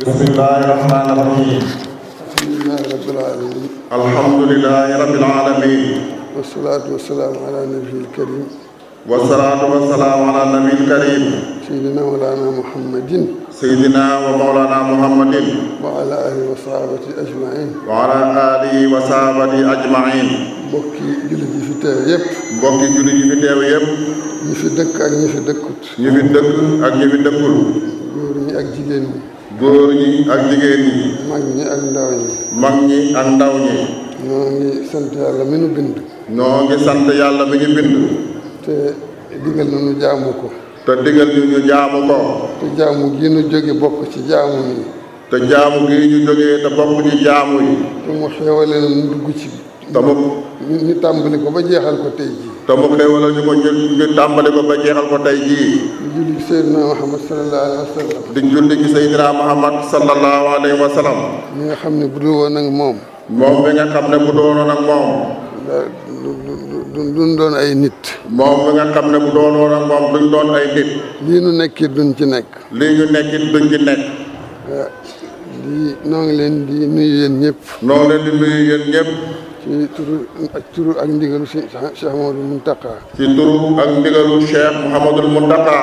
بسم الله الرحمن الرحيم الحمد لله رب العالمين والصلاة والسلام على النبي الكريم والصلاة والسلام على النبي الكريم سيدنا مولانا محمد سيدنا ومولانا محمد وعلى آله وصحابته أجمعين وعلى آله وصحابته أجمعين بوكي jullit في fi teew yëpp mbokki jullit yi fi teew yëpp ñi fi góor ñi ak jigéen ñi. mag ñi ak ndaw ñi. mag ñi ak ndaw ñi. ñoo ngi sant yàlla mi nu bind. ñoo ngi sant yàlla mi ñu bind. te digal na ñu jaamu ko. te digal ñu ñu jaamu ko. te jaamu gi ñu jóge bokk ci jaamu yi. te jaamu gi ñu jógee te bokk ci jaamu yi. te mu xéewale dugg ci. te mu ñu tàmbali ko ba jeexal ko tey jii. te mu xéewaloo ñu ko ñu ñu tàmbali ko ba jeexal ko tey jii. di julli ci Seydina Muhammad sallallahu alayhi wa sallam. di julli mi nga xam ne bu dul woon ak moom. moom mi nga xam ne bu doonoon ak moom. duñ doon ay nit. moom mi nga xam ne bu doonoon ak moom duñ doon ay nit. lii ñu nekkit duñ ci nekk. lii ñu nekkit duñ ci nekk. Eh, di noo ngi leen di nuyu yéen ñëpp. noo leen di nuyu yéen ñëpp. ci turu ak turu ak ndigalu Cheikh Mouhamadul Mountakha. ci turu ak ndigalu Cheikh Mouhamadul Mountakha.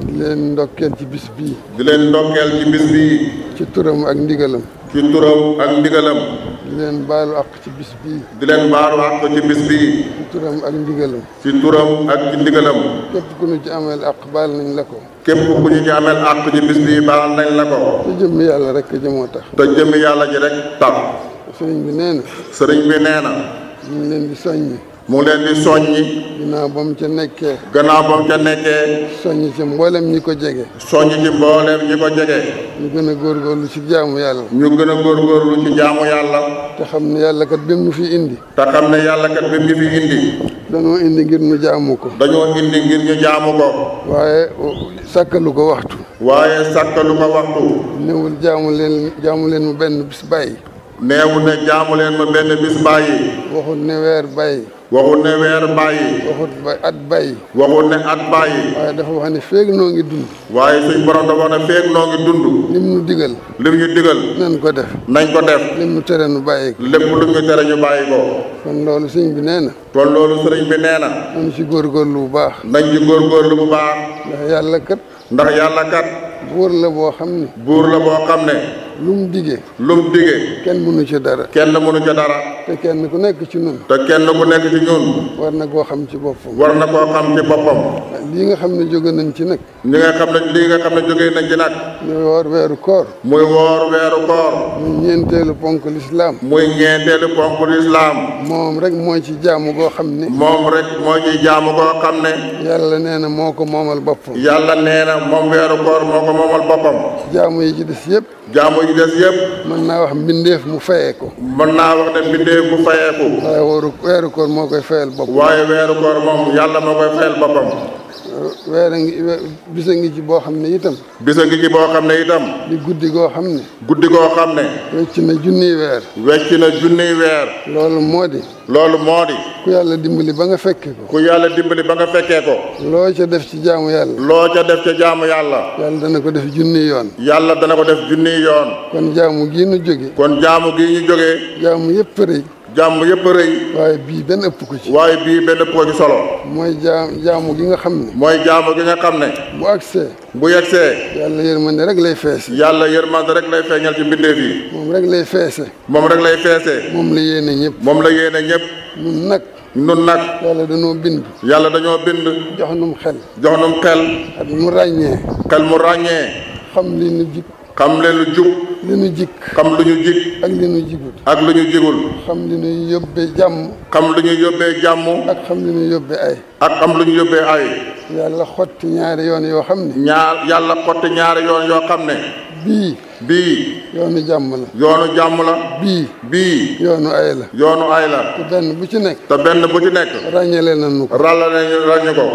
di leen ndokkeel ci bis bii. di leen ndokkeel ci bis bii. ci turam ak ndigalam. ci turam ak ndigalam. di leen baalu àq ci bis bii. di leen baalu àq ci bis bii. ci turam ak ndigalam. ci turam ak ci ndigalam. képp ku ñu ci ameel àq baal nañ la ko. képp ku ñu ci ameel àq ci bis bii baal nañ la ko. te jëmmi yàlla rek ji moo tax. te jëmmi yàlla ji rek tax. sëriñ bi nee na. sëriñ bi nee na. mu ngi leen di soññi. mu leen di soññi. gannaaw ca nekkee. gannaaw ba mu ca nekkee. soññi ci mboolem ñi ko jege. soññi ci mboolem ñi ko jege. ñu gën a góorgóorlu ci jaamu yàlla. ñu gën a góorgóorlu ci jaamu yàlla. te xam ne yàlla kat bi mu fi indi. te xam yàlla kat bi mu fi indi. dañoo indi ngir ñu jaamu ko. dañoo indi ngir ñu jaamu ko. waaye sàkkalu ko waxtu. waaye sàkkalu ko waxtu. néewul jaamu leen jaamu leen mu benn bis bàyyi. neewul ne jaamu leen ma benn bis bàyyi. waxut ne weer bàyyi. waxut ne weer bàyyi. waxut ba at bàyyi. waxut ne at bàyyi. waaye dafa wax ne feeg noo ngi dund. waaye suñ borom dafa wax ne feeg noo ngi dund. lim ñu digal. lim ñu digal. nañ ko def. nañ ko def. lim ñu tere ñu bàyyi ko. lépp lu ñu tere ñu bàyyi ko. kon loolu sëriñ bi nee na. kon loolu sëriñ bi nee na. nañ ci góorgóorlu bu baax. nañ ci góorgóorlu bu baax. ndax yàlla kat. ndax yàlla kat. buur la boo xam ne. buur la xam ne. lu mu diggee. lu mu diggee. kenn mënu ci dara. kenn mënu ci dara. te kenn ku nekk ci nun te kenn ku nekk ci ñun. war na koo xam ci boppam. war na koo xam ci boppam. lii nga xam ne jóge nañ ci nag. ñi nga xam ne lii nga xam ne jóge nañ ci nag. muy woor weeru koor. muy woor weeru koor. muy ñeenteelu ponk lislaam. muy ñeenteelu ponk lislaam. moom rek moo ci jaamu goo xam ne. moom rek moo ci jaamu goo xam ne. yàlla nee na moo ko moomal boppam. yàlla nee moom weeru koor moo ko moomal boppam. jaamu yi ci des yëpp. jaamu yi ci des yëpp. mën naa wax mbindeef mu fayee ko. mën naa wax ne mbindeef mu fayee ko. waaye weeru koor moo koy fayal boppam. waaye weeru koor moom yàlla moo koy fayal boppam. weer a ngi bis a ngi ci boo xam ne itam. bis a ngi ci boo xam ne itam. di guddi goo xam ne. guddi goo xam ne. wecc na junniy weer. wecc na junniy weer. loolu moo di. loolu moo di. ku yàlla dimbali ba nga fekkee ko. ku yàlla dimbali ba nga fekkee ko. loo ca def ci jaamu yàlla. loo ca def ca jaamu yàlla. yàlla dana ko def junniy yoon. yàlla dana ko def junniy yoon. kon jaamu gii nu jógee. kon jaamu gii ñu jógee. jaamu yëpp rëy. jàmm yëpp rëy. waaye bii benn ëpp ko ci. waaye bii benn ëpp ko ci solo. mooy jaam jaamu gi nga xam ne. mooy jaamu gi nga xam ne. bu agsee. bu yegsee. yàlla yërmande rek lay feese. yàlla yërmande rek lay feeñal ci mbindeef yi. moom la lay feese. moom rek lay feese. moom la yéene ñëpp. moom la yéene ñëpp. ñun nag. nun nag. yàlla dañoo bind. yàlla dañoo bind. jox num xel. jox num xel. xel mu ràññee. xel mu ràññee. xam li nu jub. xam leen lu jub. li nu jig. xam lu ñu jig. ak li nu jigul. ak lu ñu jigul. xam li ñuy yóbbee jàmm. xam lu ñu yóbbee jàmm. ak xam li ñuy yóbbee ay. ak xam lu ñu yóbbee ay. yàlla xotti ñaari yoon yoo xam ne. ñaar yàlla xotti ñaari yoon yoo xam ne. bii. bii. yoonu nu la. yoonu jàmm la. bii. bii. yoonu ay la. yoonu ay la. te benn bu ci nekk. te benn bu ci nekk. ràññelee nañu ko. ràññelee nañu ko.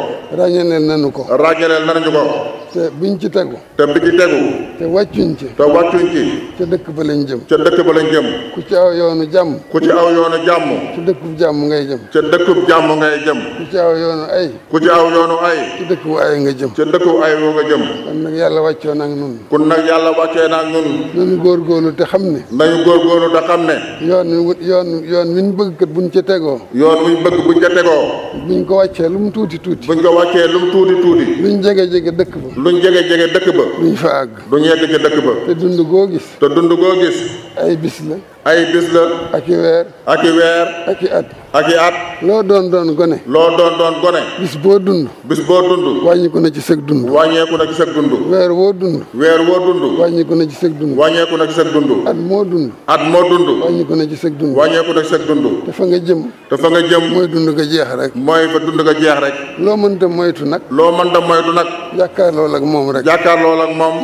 ràññelee nañu ko. ko. te buñ ci tegu. te ci tegu. te wàccuñ ci. te ci. ca dëkk ba lañ jëm. ca dëkk ba lañ jëm. ci aw yoonu jàmm. ku jàmm. ci dëkkub jàmm ngay jëm. ca dëkkub jàmm ngay jëm. aw yoonu ay. ku ci aw ay. ci dëkku ay nga jëm. ca ay woo nga nag yàlla wàccee na nañu. nañu góorgóorlu te xam ne. góor góorgóorlu te xam ne. yoon yoon yoon wi ñu bëgg bu buñ ca tegoo. yoon wi ñu bëgg buñ ca tegoo. buñ ko wàccee lu mu tuuti tuuti. buñ ko wàccee lu mu tuuti tuuti. luñ jege jege dëkk ba. luñ jege jege dëkk ba. duñ fa àgg. duñ yegg ca dëkk ba. te dund koo gis. te dund goo gis. ay bis la. ay bis la. ak i weer. ak i weer. ak i at. ak i at. loo doon doon gone. loo doon doon gone. bis boo dund. bis boo dund. wàññiku na ci sëg dund. wàññeeku na ci sëg dund. woo dund. weer woo dund. na ci sëg dund. wàññeeku na ci at moo dund. at moo dund. wàññiku na ci sëg dund. wàññeeku na ci dund. te fa nga jëm. te fa nga jëm. mooy dund nga jeex rek. mooy fa dund nga jeex rek. loo mënta moytu nag. loo mën mënta moytu nag. jàkkaarloo ak moom rek. jàkkaarloo ak moom.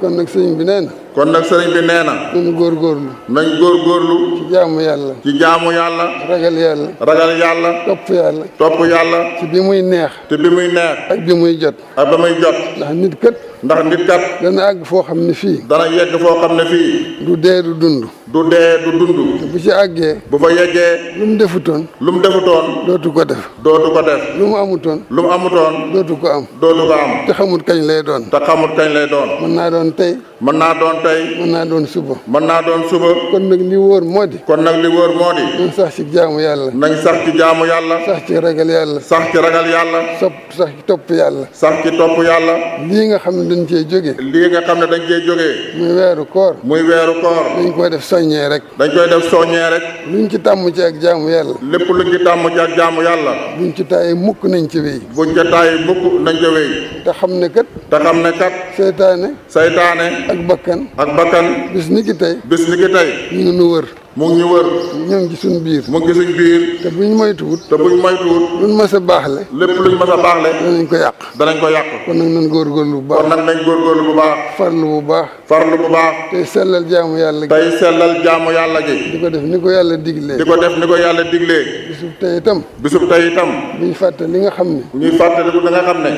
kon nag sëriñ bi nee na. kon nag sëriñ bi nee na. góor góorgóorlu. nañ góorgóorlu. ci jaamu yàlla. ci jaamu yàlla. ragal yàlla. ragal yàlla. topp yàlla. topp yàlla. ci bi muy neex. te bi muy neex. ak bi muy jot. ak ba muy jot. ndax nit kat. ndax nit kat. dana àgg foo xam ne fii. dana yegg foo xam ne fii. du dee du dund. du dee du dund. bu ci àggee. bu fa yeggee. lu mu defu toon lu mu defutoon. dootu ko def. dootu ko def. lu mu amutoon. lu mu amutoon. dootu ko am. dootu ko am. te xamut kañ lay doon. te xamut kañ lay doon. mën naa doon tey. mën naa doon tey. mën naa doon suba. mën naa doon suba. kon nag li wóor moo di. kon nag li wóor moo di. nañ sax ci jaamu yàlla. nag sax ci jaamu yàlla. sax ci ragal yàlla. sax ci ragal yàlla. sopp sax ci topp yàlla. sax ci topp yàlla. lii nga xam ne dañ cee jógee. lii nga xam ne dañ cee jógee. muy weeru koor. muy weeru koor. dañ ko def soññee rek dañ koy def soññee rek luñ ci tàmm ci ak jaamu yàlla lépp luñ ci tàmm ci ak jaamu yàlla buñ ci tàyyi mukk nañ ci wéy ñu ci tàyyi mukk nañ ci wéy te xam ne kat te xam ne kat seytaane seytaane ak bakkan ak bakkan bis ni ki tey bis ni ki tey ñu nu wër mu ngi ñu wër ñoo ngi ci suñu biir mu ngi suñ biir te buñ moytuwut te buñ moytuwut luñ mas baax baaxle lépp luñ mas a baaxle danañ ko yàq danañ ko yàq kon nag nañ góorgóorlu bu baax kon nag nañ góorgóorlu bu baax farlu bu baax farlu bu baax tey sellal jaamu yàlla gi tey sellal jaamu yàlla gi di ko def ni ko yàlla diglee di ko def ni ko yàlla diglee bisub tey itam bisub tey itam ñuy fàtte li nga xam ne ñuy fàtte li nga xam ne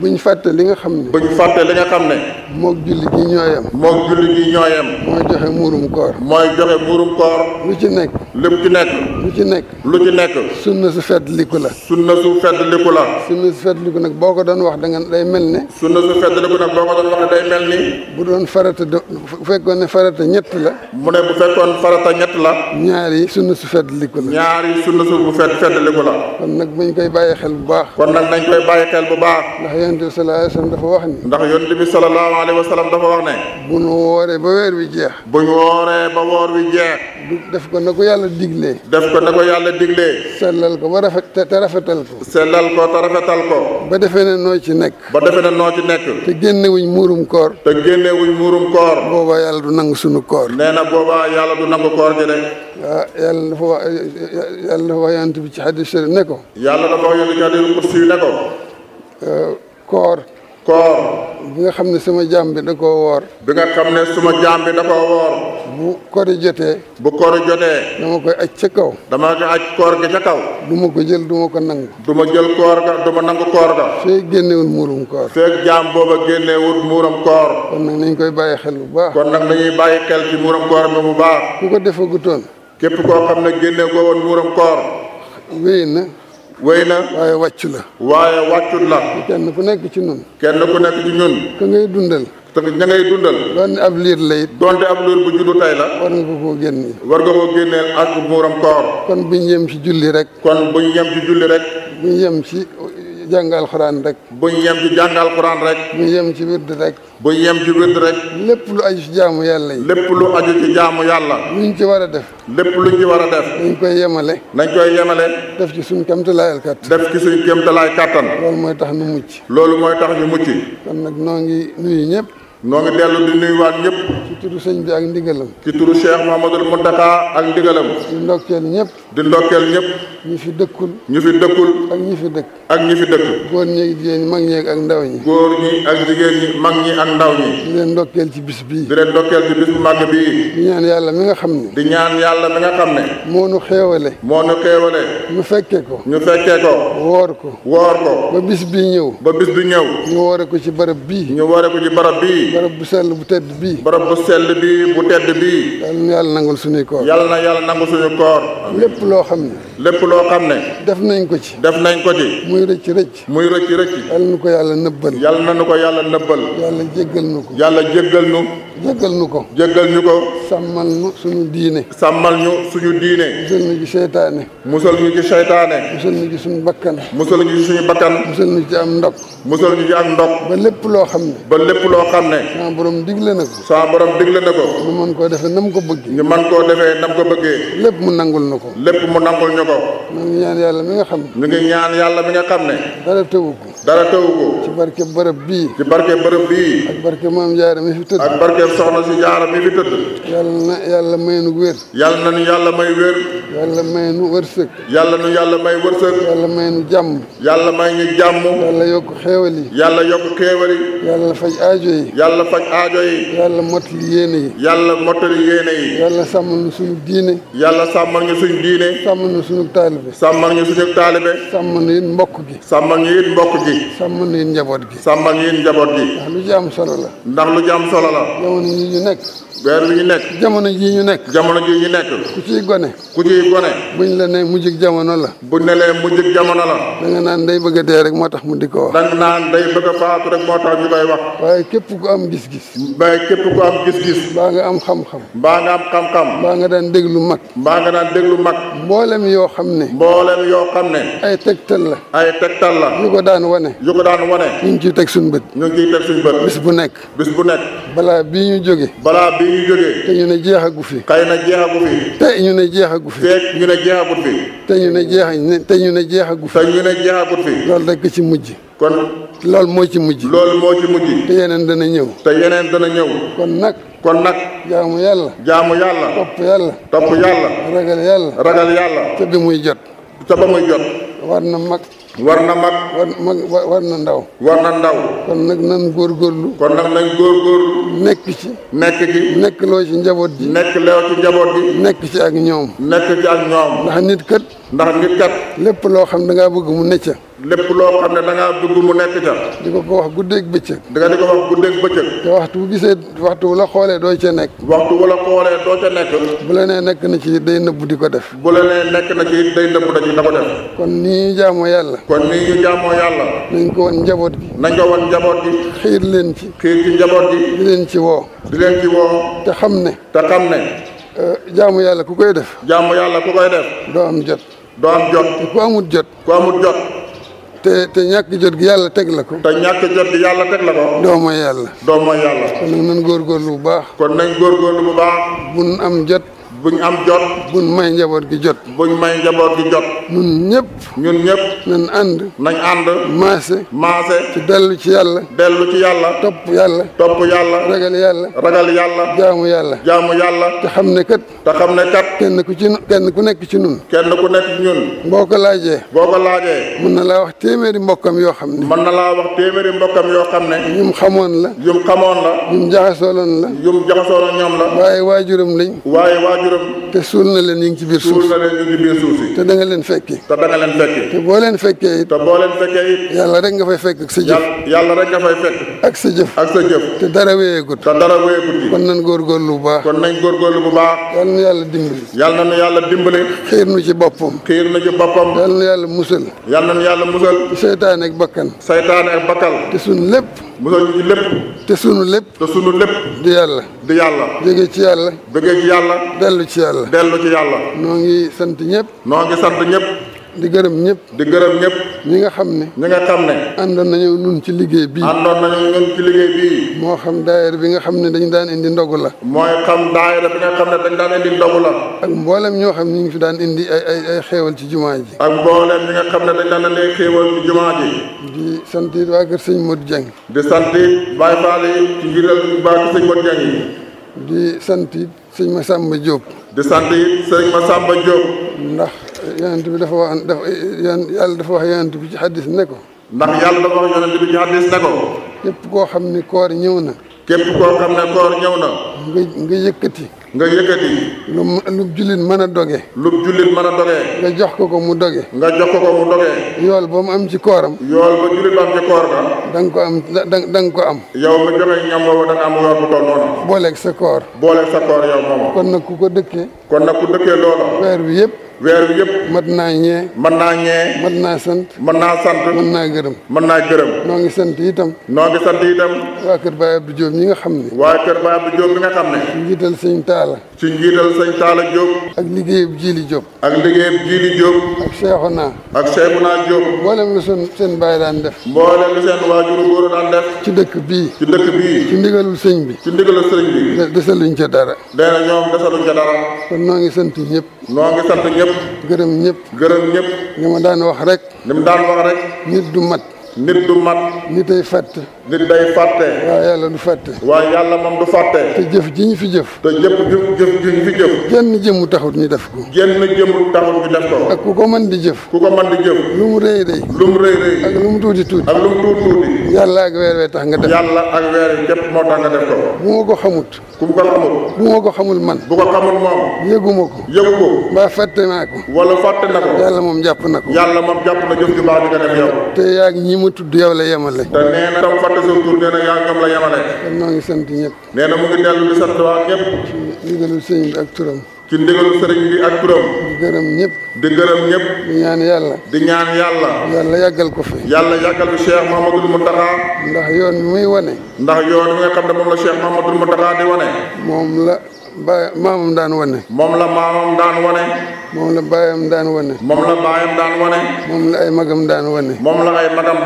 bu ñu fàtte li nga xam ne. bu ñu fàtte li nga xam ne. moog julli gi ñooyam. moog julli gi ñooyam. mooy joxe muurum koor. mooy joxe muurum koor. lu ci nekk. lu ci ci nekk. lu ci nekk. sunna su fedd liku la. sunna su fedd liku la. sunna su fedd liku nag boo ko doon wax da nga day mel ne. su boo ko doon wax ne day bu doon farata do bu fekkoon ne farata ñett la. mu ne bu fekkoon farata ñett la. ñaar yi su fedd ñaar yi sunna kon nag bu koy bàyyi xel bu baax. kon nag nañ koy bàyyi xel bu baax. yonent bi sallallahu alayhi wa sallam dafa wax ni. ndax yonent bi sallallahu alayhi wa sallam dafa wax ne. bu nu wooree ba weer wi jeex. bu ñu wooree ba woor wi jeex. def ko na ko yàlla diglee. def ko na ko yàlla diglee. sellal ko ba rafet te rafetal ko. sellal ko te rafetal ko. ba defee ne noo ci nekk. ba defee ne noo ci nekk. te génne wuñ muurum koor. te génne wuñ muurum koor. boobaa yàlla du nangu sunu koor. nee na boobaa yàlla du nangu koor ji rek. waaw ah, yàlla dafa wax yàlla dafa wax yonent bi ci xadis ne ko. yàlla dafa wax yonent bi ci xadis ne ko. Ah, koor koor bi nga xam ne suma jaam bi da koo woor bi nga xam ne sama jaam bi da koo woor bu kori jotee bu kori jotee dama koy aj ca kaw dama koy aj koor ga ca kaw du ma ko jël du ko nangu du ma jël koor ga du ma nangu koor ga feeg génnewul muurum koor feeg jaam booba génnewul muuram koor kon nag nañ koy bàyyi xel bu baax kon nag nañuy bàyyi xel ci muuram koor bi bu baax ku ko defagutoon képp koo xam ne génne goo woon muuram koor wéy na way na waaye wàccu la waaye wàccu la kenn bu nekk ci ñun kenn ku nekk ci ñun ka ngay dundal te ña ngay dundal doon ab liir lay it doonte ab liir bu juddu tay la war nga ko koo génnee war nga koo génneel ak muuram koor kon buñ yem ci julli rek kon buñ yem ci julli rek buñ yem ci jàngal xuraan rek. bu ñu yem ci jàngal xuraan rek. bu ñu yem ci wird rek. bu ñu yem ci wird rek. lépp lu aju ci jaamu yàlla yi. lépp lu aju ci jaamu yàlla. luñ ci war a def. lépp luñ ci war a def. nañ koy yemale. nañ koy yemale. def ci suñ kéemtalaayal kattan. def ci suñ kéemtalaay kattan. loolu mooy tax nu mucc. loolu mooy tax ñu mucc. nag noo ngi nuyu ñëpp. noo ngi dellu di nuyuwaat ñëpp. ci turu sëñ bi ak ndigalam. ci turu Cheikh Mouhamadul Mountakha ak ndigalam. di ndokkeel ñëpp. di ndokkeel ñëpp. ñi fi dëkkul. ñu fi dëkkul. ak ñi fi dëkk. ak ñi fi dëkk. góor ñeeg jigéen ñi mag ñeeg ak ndaw ñi. góor ñi ak jigéen ñi mag ñi ak ndaw ñi. di leen ndokkeel ci bis bii. di leen ndokkeel ci bis bu màgg bi di ñaan yàlla mi nga xam ne. di ñaan yàlla mi nga xam ne. moo nu xeewale. moo nu xeewale. ñu fekkee ko. ñu fekkee ko. woor ko. woor ko. ba bis bi ñëw. ba bis bi ñëw. ñu woore ko ci barab bi ñu ware ko ci barab bi barab bu sell bu tedd bii. barab bu sell bi bu tedd bii. yàlla na yàlla nangul suñuy koor. yàlla loo xam ne. def nañ ko ci. def nañ ko ci. muy rëcc rëcc. muy rëcc rëcc. yal na ko yàlla nëbbal. yal na ko yàlla nëbbal. yàlla jéggal nu ko. yàlla jéggal nu. jéggal nu ko. jéggal ñu ko. sàmmal nu suñu diine. sàmmal ñu suñu diine. musal ñu ci seytaane. musal ñu ci seytaane. suñu bakkan. musal ñu ci suñu bakkan. musal ñu ci am ndok. musal ñu ci am ndok. ba lépp loo xam ne. ba lépp loo xam ne. saa borom digle na ko. saa borom digle na ko. ñu mën koo defee nam ko bëggee. ñu mën koo defee nam ko bëggee. lépp mu nangul ñu ko. lépp mu nangul ñu ko. ñu ngi ñaan yàlla mi nga xam ne. ñu ngi ñaan yàlla mi nga xam ne. dara tëwu ko. dara taw ko. ci barke bërëb bii. ci barke bërëb bii. ak barke maam jaara mi fi tëdd. ak barke soxna si jaara mi fi tëdd. yàlla may nu wér. yàlla na nu yàlla may wér. yàlla may nu wërsëg. yàlla nu yàlla may wërsëg. yàlla may nu jàmm. yàlla may ñu jàmm. yàlla yokk xéewal yi. yàlla yokk xéewal yi. yàlla faj aajo yi. yàlla faj aajo yi. yàlla mottali yéene yi. yàlla mottali yéene yi. yàlla sàmmal ñu suñu diine. yàlla sàmmal ñu suñu diine. sàmm ñu suñu taalibe. sàmmal ñu suñu mbokk gi. sàmmal ñu it gi. sàmm ngeen njaboot gi. sàmm ngeen njaboot gi. ndax lu ci solo la. ndax lu ci solo la. jamono ji ñu nekk. weer wi jamono ji ñu nekk. jamono ji ñu nekk. ku ciy gone. ku ciy gone. buñ la ne mujjug jamono la. bu la ne mujjug jamono la. da naan day bëgg a dee rek moo tax mu di ko wax. da nga naan day bëgg a faatu rek moo tax ñu koy wax. waaye képp ko am gis-gis. waaye képp ku am gis-gis. baa nga am xam-xam. baa nga am xam-xam. baa nga daan déglu mag. baa nga daan déglu mag. mboolem yoo xam ne. mboolem yoo xam ne. ay tegtal la. wane. yu ko daan wane. ñu ci tek suñu bëtt ñu ci tek suñu bëtt bis bu nekk. bis bu nekk. bala bi ñu joggé bala bi ñu joggé té ñu ne jeexagu fi. kay na jeexagu fi. té ñu ne jeexagu fi. té ñu ne jeexagut fi. té ñu ne jeex té ñu ne jeexagu fi. té ñu ne jeexagut fi. lool rek ci mujj. kon lool mo ci mujj. lool mo ci mujj. te yeneen dana ñëw. te yeneen dana ñëw. kon nak kon nak jaamu yalla jaamu yalla top yalla top yalla ragal yalla ragal yalla té bi muy jot. té ba muy jot. war na mak war na mag. war mag war na ndaw. war na ndaw. kon nag nan góorgóorlu. kon nag nañ góorgóorlu. góor ci. nekk ci. nekk loo ci njaboot gi. nekk loo ci njaboot gi. nekk ci ak ñoom. nekk ci ak ñoom. ndax nit kët ndax nit kat. lépp loo xam da ngaa bëgg mu ca lépp loo xam ne da ngaa bëgg mu nekk ca. di ko ko wax guddeeg bëccëg. di nga di ko wax guddeeg bëccëg. te waxtu bu gisee waxtu bu la xoolee doo ca nekk. waxtu bu la xoolee doo ca nekk. bu la nee nekk na ci day nëbbu di ko def. bu la nee nekk na ci day nëbbu da na ko def. kon nii ñu jaamoo yàlla. nañ ko woon njaboot gi. nañ ko woon njaboot gi. xiir leen ci. xiir ci njaboot gi. di leen ci woo. di leen ci woo. te xam ne. te xam ne. Euh, jaamu yàlla ku koy def. jaamu yàlla ku koy def. doo jot. doo am jot. te ku amut jot. ku amut jot. te te ñàkk jot gi yàlla teg la ko. te ñàkk jot gi yàlla teg la ko. mooy yàlla. doo mooy yàlla. kon nag nañ góorgóorlu bu baax. kon nañ góorgóorlu bu baax. bu am jot. buñ am jot. buñ may njaboot jot. buñ may njaboot gi jot. ñun ñëpp. ñun ñëpp. nañ ànd. nañ ànd. maase. maase. ci ci yàlla. dellu ci yàlla. topp yàlla. topp yàlla. ragal yàlla. ragal yàlla. jaamu yàlla. jaamu yàlla. te xam ne kat. te xam ne kat. kenn ku ci kenn ku nekk ci nun kenn ku nekk ci ñun. boo ko laajee. boo ko laajee. mën na laa wax téeméeri mbokkam yoo xam ne. mën na laa wax téeméeri mbokkam yoo xam ne. yum xamoon la. yum xamoon la. yum jaxasooloon la. yum jaxasooloon la. waaye waajuram lañ. waaye waajuram ngërëm. te suul na leen ñu ngi ci biir suuf suul te da nga leen fekki. te da leen fekki. te boo leen fekkee it. te boo leen fekkee nga fay fekk ak sa jëf. yàlla rek nga fay fekk. ak sa jëf ak sa jëf. te dara wéyeegut. te dara wéyeegut yi. kon nañ góorgóorlu bu baax. kon nañ góorgóorlu bu baax. yal na yàlla dimbali. yal na nu yàlla dimbali. xiir nu ci boppam. xiir nu ci boppam. yal na yàlla musal. yal na nu yàlla musal. seytaane ak bakkan. seytaane ak bakkal. te suñ lépp musal ci lépp. te sunu lépp. te sunu lépp. di yàlla. di yàlla. jóge ci yàlla. jóge ci yàlla. dellu ci yàlla. dellu ci yàlla. noo ngi sant ñëpp. noo ngi sant ñëpp. di gërëm ñëpp. di gërëm ñépp ñi nga xam ne. ñi nga xam ne. àndoon nañu ñu ci liggéey bii. ci liggéey bii. moo xam daayira bi nga xam ne dañu daan indi ndogu la. mooy xam daayira bi nga xam ne dañu daan indi ndogu la. ak mboolem ñoo xam ne ñu ngi fi daan indi ay ay ci jumaa ji. ak mboolem ñi nga xam ne dañu daan indi ay xéewal ci jumaa ji. di sant waa kër sëñ Modou Dieng. di sant it Baye Fall yi ci ngiral waa kër sëñ Modou Dieng yi. di sant it sëñ Massamba Diop. di sant it sëñ Massamba Diop. ndax yonent bi dafa wax dafa yàlla dafa wax yonent bi ci xaddis ne ko. ndax yàlla dafa wax yonent bi ci xaddis ne ko. képp koo xam ni koor ñëw na. képp koo xam ne koor ñëw na. nga nga yëkkati. nga yëkkati. lu lu jullit mën a doge. lu jullit mën a doge. nga jox ko ko mu doge. nga jox ko ko mu doge. yool ba mu am ci kooram. yool ba jullit ba am ci koor ga. da nga ko am da da nga ko am. yow nga joxe ñam boobu da nga am yool bu toll noonu. booleeg sa koor. booleeg sa koor yow moom. kon nag ku ko dëkkee. kon nag ku dëkkee loola. weer bi yëpp. weer wi yëpp. mat naa ñee. mën naa ñee. mën naa sant. mën naa sant. mën naa gërëm. mën naa gërëm. noo ngi sant itam noo ngi sant itam waa kër Baye Abdou Diop ñi nga xam ne waa kër Baye Abdou Diop bi nga xam ne ci njiital sëñ Taala ci njiital sëñ Taala Diop ak liggéeyub Jili Diop ak liggéeyub Jili Diop ak Cheikhouna ak Cheikhouna naa mboolem lu seen seen baay daan def mboolem lu seen waajuru góor daan def ci dëkk bii ci dëkk bii ci ndigalul sëñ bi ci ndigalul sëñ bi desaluñ ca dara nee ñoom desaluñ ca dara kon noo ngi sant ñëpp noo ngi sant ñëpp gërëm ñëpp gërëm ñëpp ma daan wax rek ni nit du mat nit du mat nitay fett nit day fàtte. waaye yàlla du fàtte. waaye yàlla moom du fàtte. te jëf ji ñu fi jëf. te jëf jëf jëf ji ñu fi jëf. genn jëmu taxut ñu def ko. genn jëmu taxut ñu def ko. ak ku ko mën di jëf. ku ko mën di jëf. lu mu rëy rëy. lu mu rëy rëy. ak lu mu tuuti tuuti. ak lu mu tuuti tuuti. yàlla ak weer wee tax nga def. yàlla ak weer yi képp moo tax nga def ko. bu ma ko xamut. ku mu ko xamul. bu ma ko xamul man. bu ko xamul moom. yëguma ko. yëgu ko. mbaa fàtte naa ko. wala fàtte na ko. yàlla moom jàpp na ko. yàlla moom jàpp na jëf ju baax bi nga def yow. te yaa ngi ñi ma tudd yow la yemale. te nee na Rasoul nee na yaagam la yemale. kon maa ngi sant ñëpp. nee na mu ngi dellu di sant waa ñëpp. ci ndigalu sëriñ bi ak turam. ci ndigalu sëriñ bi ak turam. di gërëm ñëpp. di gërëm ñëpp. di ñaan yàlla. di ñaan yàlla. yàlla yàggal ko fi. yàlla yàggal bi Cheikh Mouhamadoul Mountakha. ndax yoon bi muy wane. ndax yoon bi nga xam ne moom la Cheikh Mouhamadoul Mountakha di wane. moom la. ba maamam daan wane. moom la maamam daan wane. moom la baayam daan wane. moom la wane. ay magam daan wane. moom la ay magam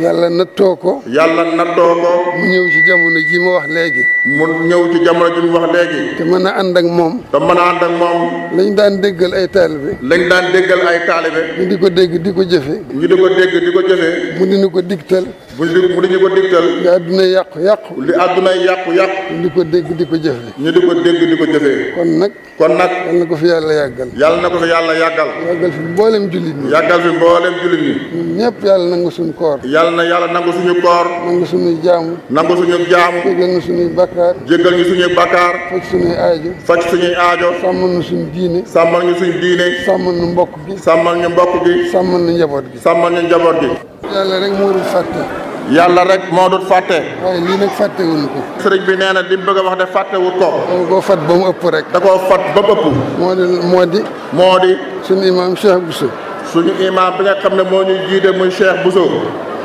yàlla nattoo ko. yàlla nattoo ko. mu ñëw ci jamono ji ma wax léegi. mu ñëw ci jamono ji mu wax léegi. te mën a ànd ak moom. te mën a ànd moom. lañ daan déggal ay taalibe. lañ daan déggal ay taalibe. ñu di ko dégg di ko jëfe. ñu di ko dégg di ko jëfe. mu di ñu ko digtal. bu ñu bu ñu ko digtal. li àdduna yàqu yàqu. li àdduna yàqu yàqu. ñu di ko dégg di ko jëfee. ñu di ko dégg di ko jëfee. kon nag. kon nag. yal na ko fi yàlla yàggal. yal na ko fi yàlla yàggal. yàggal fi mboolem jullit ñi. yàggal fi mboolem jullit ñi. ñun ñëpp yàlla nangu suñu koor. yal na yàlla nangu suñu koor. nangu suñuy jaamu. nangu suñu jaamu. jéggal ñu suñuy bakkaar. jéggal ñu suñuy bakkaar. faj suñuy aajo. faj suñuy aajo. sàmmal ñu suñu diine. sàmmal ñu suñu diine. sàmmal ñu mbokk gi. sàmmal ñu mbokk gi. sàmmal ñu njaboot gi. sàmmal ñu njaboot gi. yàlla rek moo dul fàtte yalla rek modut faté li nak faté wul ko serigne bi néna li bëgg wax dé faté wul ko ko fat bamu ëpp rek da ko fat ba ëpp modi modi modi sunu imam cheikh bousso sunu imam bi nga xamné mo ñu jité muy cheikh bousso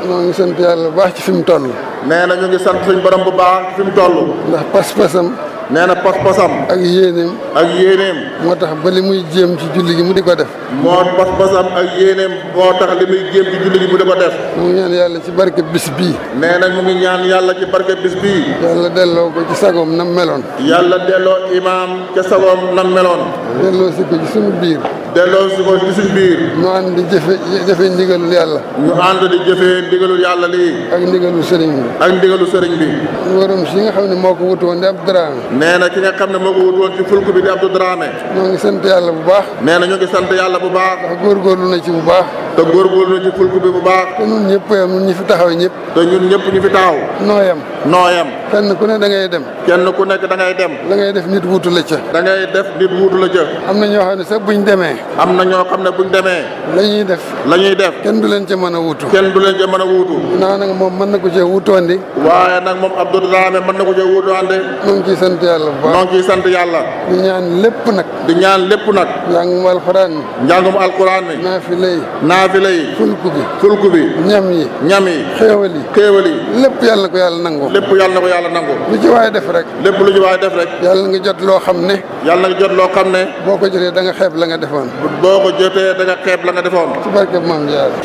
mo ngi sant yalla baax ci fimu tollu néna ñu ngi sant suñu borom bu baax fimu tollu ndax pass passam nee na pas-pasam. ak yéeneem. ak yéeneem. moo tax ba li muy jéem ci julli gi mu di ko def. moo pas-pasam ak yéeneem moo tax li muy jéem ci julli gi mu di ko def. mu ngi ñaan yàlla ci barke bis bii. nee na mu ngi ñaan yàlla ci barke bis bii. yàlla delloo ko ci sagoom na meloon. yàlla delloo imaam ca sagoom nam meloon. delloo si ko ci suñu delloo si ko ci suñu biir. ñu ànd di jëfe jëfe ndigalul yàlla. ñu ànd di jëfe ndigalul yàlla lii. ak ndigalu sëriñ bi. ak ndigalu sëriñ bi. waroon si nga xam ne moo ko wutu woon nee na ki nga xam ne moo ko wut woon ci fulku bi di Abdou Dramé. ñoo ngi sant yàlla bu baax. nee na ñu ngi yàlla bu baax. ndax góorgóorlu na ci bu baax. te góorgóorlu na ci fulku bi bu baax. te ñun ñëpp yam eh, fi taxaw ñëpp. te ñun ñëpp ñu fi taxaw. nooyam. nooyam. kenn ku ne da ngay dem. kenn ku nekk da dem. la ngay def nit wutu la ca. da def nit wuutu la ca. am na ñoo xam ne sax buñ demee. am na ñoo xam ne buñ demee. lañuy def. la ñuy def. kenn du leen ca mën a wuutu. kenn du leen ca mën a wuutu. naa moom mën na ko cee wuutoandi. waaye nag moom Abdou Dramé mën na ko cee wuutoandi. ñoo ngi ciy sant yàlla bu baax ñoo sant yàlla. di ñaan lépp nag. di ñaan lépp nag. njàngum alxuraan mi. njàngum naafila yi. fulku bi fulku bi. ñam yi ñam yi. xéewal yi lépp yàlla na ko yàlla nangoo lépp yàlla na ko yàlla nangu. lu ci waay def rek. lépp lu ci waay def rek. yàlla nga jot loo xam ne. yàlla nga jot loo xam ne. boo ko jotee da nga xeeb la nga defoon. boo ko jotee da nga xeeb la nga defoon. ci barke maam Jaara.